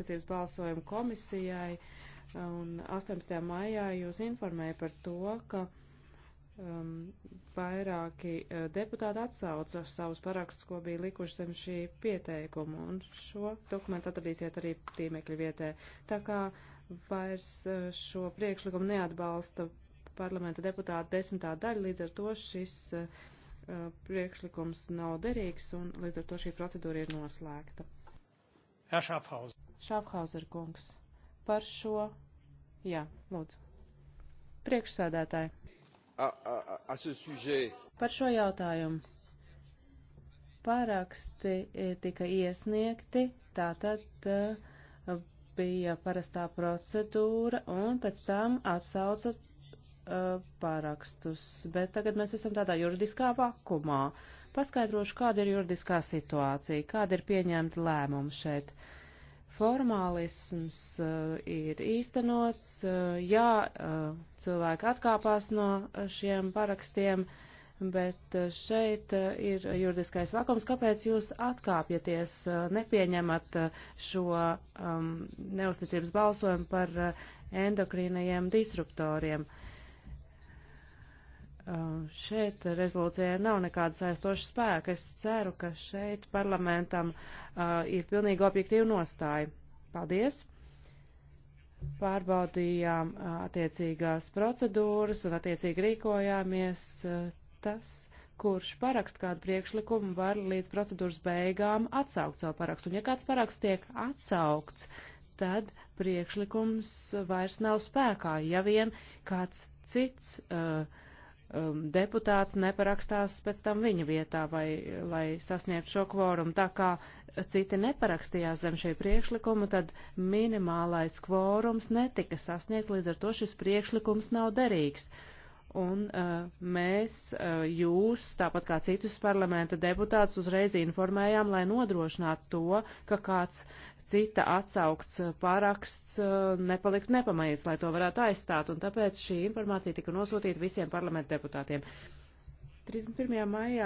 līdztiesības balsojumu komisijai, un 18. maijā jūs informēja par to, ka um, vairāki uh, deputāti atsauca savus parakstus, ko bija likuši zem šī pieteikuma, un šo dokumentu atradīsiet arī tīmekļa vietē. Tā kā vairs uh, šo priekšlikumu neatbalsta parlamenta deputāta desmitā daļa, līdz ar to šis uh, uh, priekšlikums nav derīgs un līdz ar to šī procedūra ir noslēgta. Herr Schaffhauser. Šāfhauser kungs par šo. Jā, lūdzu. Priekšsēdētāji. A, a, a, par šo jautājumu. Pāraksti e, tika iesniegti, tātad e, bija parastā procedūra, un pēc tam atsauca e, pārakstus. Bet tagad mēs esam tādā juridiskā vakumā. Paskaidrošu, kāda ir juridiskā situācija, kāda ir pieņemta lēmuma šeit. Uh, formālisms eh, ir īstenots, eh, jā, eh, cilvēki atkāpās no šiem parakstiem, bet šeit ir juridiskais vakums, kāpēc jūs atkāpjaties, nepieņemat šo um, neusticības balsojumu par endokrīnajiem disruptoriem. Uh, Uh, šeit rezolūcijai nav nekāda saistoša spēka. Es ceru, ka šeit parlamentam uh, ir pilnīgi objektīva nostāja. Paldies! Pārbaudījām uh, attiecīgās procedūras un attiecīgi rīkojāmies. Uh, tas, kurš parakst kādu priekšlikumu, var līdz procedūras beigām atsaukt savu parakstu. Un ja kāds paraksts tiek atsaukts, tad priekšlikums vairs nav spēkā, ja vien kāds cits. Uh, um, deputāts neparakstās pēc tam viņa vietā, vai, lai sasniegtu šo kvorumu. Tā kā citi neparakstījās zem šī priekšlikuma, tad minimālais kvorums netika sasniegts, līdz ar to šis priekšlikums nav derīgs. Uh, Un uh, mēs uh, jūs, tāpat kā citus parlamenta deputātus, uzreiz informējām, lai nodrošinātu to, ka kāds cita atsaukts uh, paraksts uh, nepalikt nepamanīts, lai to varētu aizstāt. Un tāpēc šī informācija tika nosūtīta visiem parlamenta deputātiem. 31. maijā.